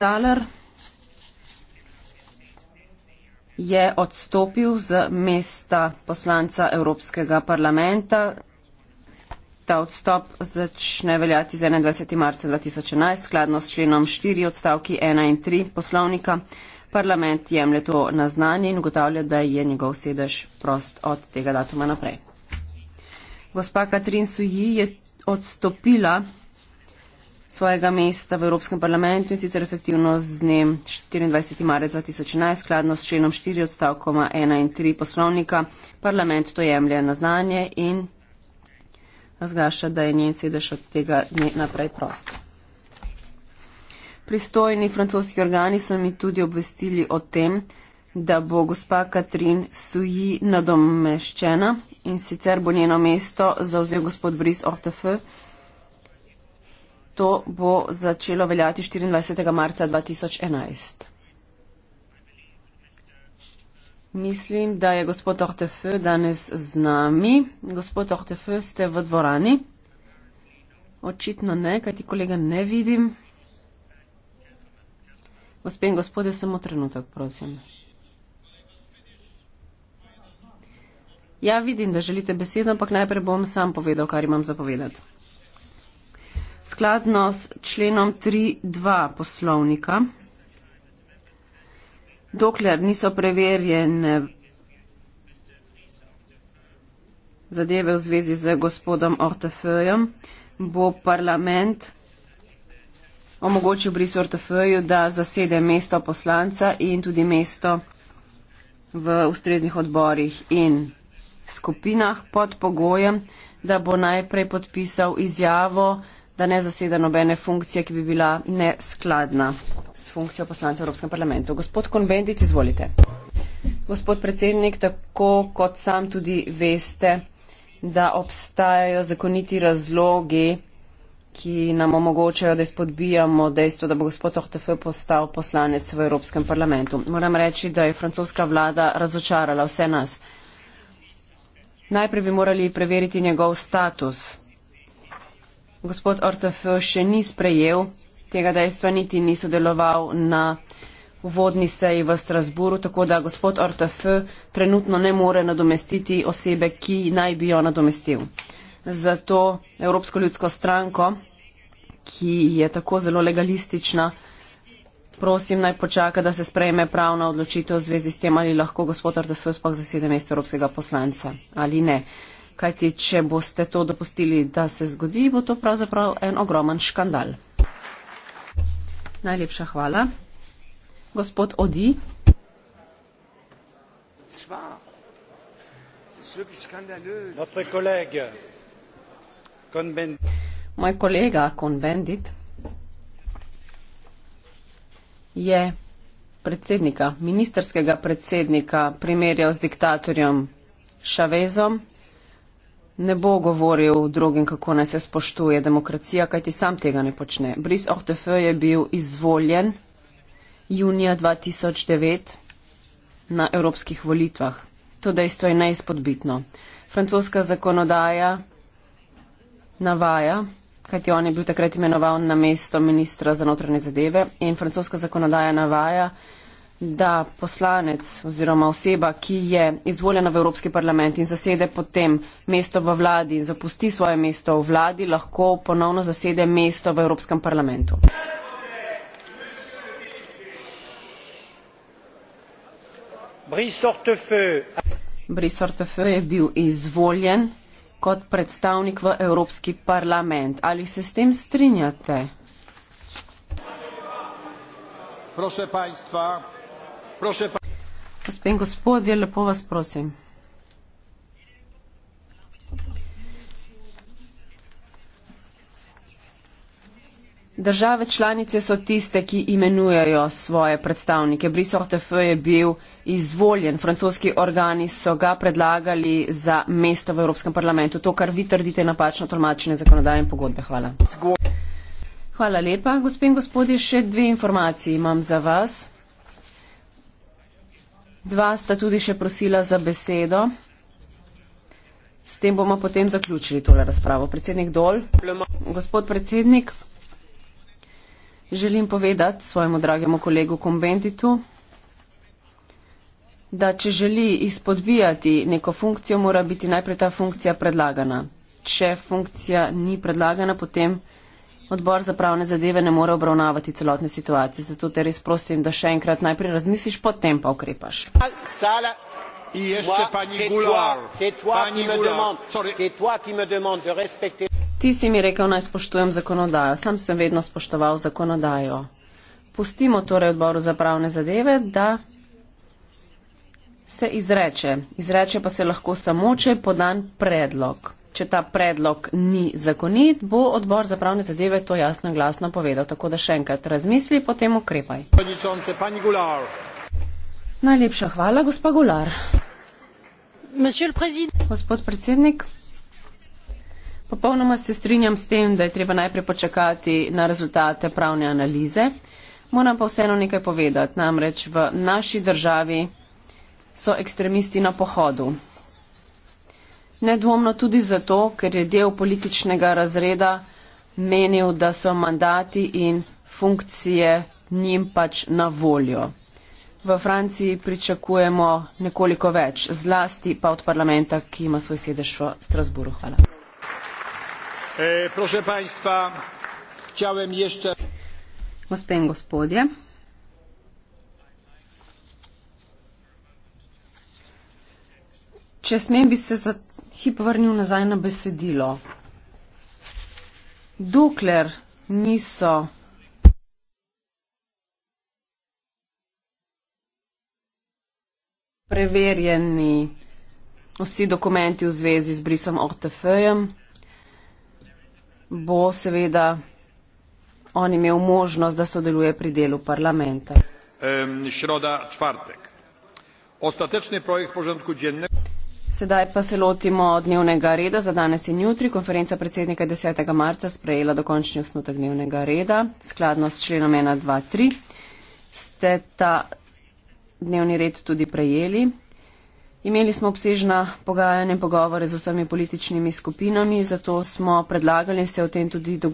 Daler je odstopil z mesta poslanca Evropskega parlamenta. Ta odstop začne veljati z 21. marca 2011, skladno s členom 4 odstavki 1 in 3 poslovnika. Parlament jemlje to na znanje in ugotavlja, da je njegov sedež prost od tega datuma naprej. Gospa Katrin Suji je odstopila svojega mesta v Evropskem parlamentu in sicer efektivno z dnem 24. marec 2011, skladno s členom 4 odstavkoma 1 in 3 poslovnika, parlament to jemlje na znanje in razglaša, da je njen sedež od tega dne naprej prost. Pristojni francoski organi so mi tudi obvestili o tem, da bo gospa Katrin Suji nadomeščena in sicer bo njeno mesto zauzel gospod Brice Ortefeu. To bo začelo veljati 24. marca 2011. Mislim, da je gospod Ortefe danes z nami. Gospod Ortefe, ste v dvorani? Očitno ne, kajti kolega ne vidim. Gospe in gospode, samo trenutek, prosim. Ja, vidim, da želite besedo, ampak najprej bom sam povedal, kar imam zapovedati skladno s členom 3.2 poslovnika, dokler niso preverjene zadeve v zvezi z gospodom Ortefejem, bo parlament omogočil bris Ortefeju, da zasede mesto poslanca in tudi mesto v ustreznih odborih in skupinah pod pogojem, da bo najprej podpisal izjavo da ne zaseda nobene funkcije, ki bi bila neskladna s funkcijo poslanca v Evropskem parlamentu. Gospod Konbendit, izvolite. Gospod predsednik, tako kot sam tudi veste, da obstajajo zakoniti razlogi, ki nam omogočajo, da izpodbijamo dejstvo, da bo gospod OTF postal poslanec v Evropskem parlamentu. Moram reči, da je francoska vlada razočarala vse nas. Najprej bi morali preveriti njegov status gospod Ortef eh, še ni sprejel tega dejstva, niti ni sodeloval na vodni seji v Strasburu, tako da gospod Ortef eh, trenutno ne more nadomestiti osebe, ki naj bi jo nadomestil. Zato Evropsko ljudsko stranko, ki je tako zelo legalistična, prosim naj počaka, da se sprejme pravna odločitev v zvezi s tem, ali lahko gospod Ortef sploh zasede mesto Evropskega poslanca ali ne kajti če boste to dopustili, da se zgodi, bo to pravzaprav en ogroman škandal. Najlepša hvala. Gospod Odi. Moj kolega Konbendit je predsednika, ministerskega predsednika primerjal z diktatorjem Šavezom ne bo govoril drugim, kako naj se spoštuje demokracija, kajti sam tega ne počne. Bris OTF je bil izvoljen junija 2009 na evropskih volitvah. To dejstvo je neizpodbitno. Francoska zakonodaja navaja, kajti on je bil takrat imenovan na mesto ministra za notranje zadeve in francoska zakonodaja navaja, da poslanec oziroma oseba, ki je izvoljena v Evropski parlament in zasede potem mesto v vladi in zapusti svoje mesto v vladi, lahko ponovno zasede mesto v Evropskem parlamentu. Brice Ortefeu je bil izvoljen kot predstavnik v Evropski parlament. Ali se s tem strinjate? Prosim, gospod. Gospe in gospodje, lepo vas prosim. Države članice so tiste, ki imenujejo svoje predstavnike. Brisov TF je bil izvoljen, francoski organi so ga predlagali za mesto v Evropskem parlamentu. To, kar vi trdite, je napačno tolmačenje zakonodaje in pogodbe. Hvala. Hvala lepa. Gospe in gospodje, še dve informacije imam za vas. Dva sta tudi še prosila za besedo. S tem bomo potem zaključili tole razpravo. Predsednik Dol. Gospod predsednik, želim povedati svojemu dragemu kolegu Kombenditu, da če želi izpodbijati neko funkcijo, mora biti najprej ta funkcija predlagana. Če funkcija ni predlagana, potem odbor za pravne zadeve ne more obravnavati celotne situacije. Zato te res prosim, da še enkrat najprej razmisliš, potem pa ukrepaš. Ti si mi rekel, naj spoštujem zakonodajo. Sam sem vedno spoštoval zakonodajo. Pustimo torej odboru za pravne zadeve, da se izreče. Izreče pa se lahko samo, če je podan predlog če ta predlog ni zakonit, bo odbor za pravne zadeve to jasno in glasno povedal. Tako da še enkrat razmisli, potem ukrepaj. Najlepša hvala, gospa Gular. Gospod predsednik. Popolnoma se strinjam s tem, da je treba najprej počakati na rezultate pravne analize. Moram pa vseeno nekaj povedati. Namreč v naši državi so ekstremisti na pohodu. Nedvomno tudi zato, ker je del političnega razreda menil, da so mandati in funkcije njim pač na voljo. V Franciji pričakujemo nekoliko več, zlasti pa od parlamenta, ki ima svoj sedež v Strasburu. Hvala. E, państwa, jeszcze... Gospe in gospodje, če smem bi se zato hip vrnil nazaj na besedilo. Dokler niso preverjeni vsi dokumenti v zvezi z brisom OTF-jem, bo seveda on imel možnost, da sodeluje pri delu parlamenta. Um, široda, Sedaj pa se lotimo dnevnega reda za danes in jutri. Konferenca predsednika 10. marca sprejela dokončni osnutek dnevnega reda, skladno s členom 1.2.3. Ste ta dnevni red tudi prejeli. Imeli smo obsežna pogajanja in pogovore z vsemi političnimi skupinami, zato smo predlagali in se o tem tudi dogovorili.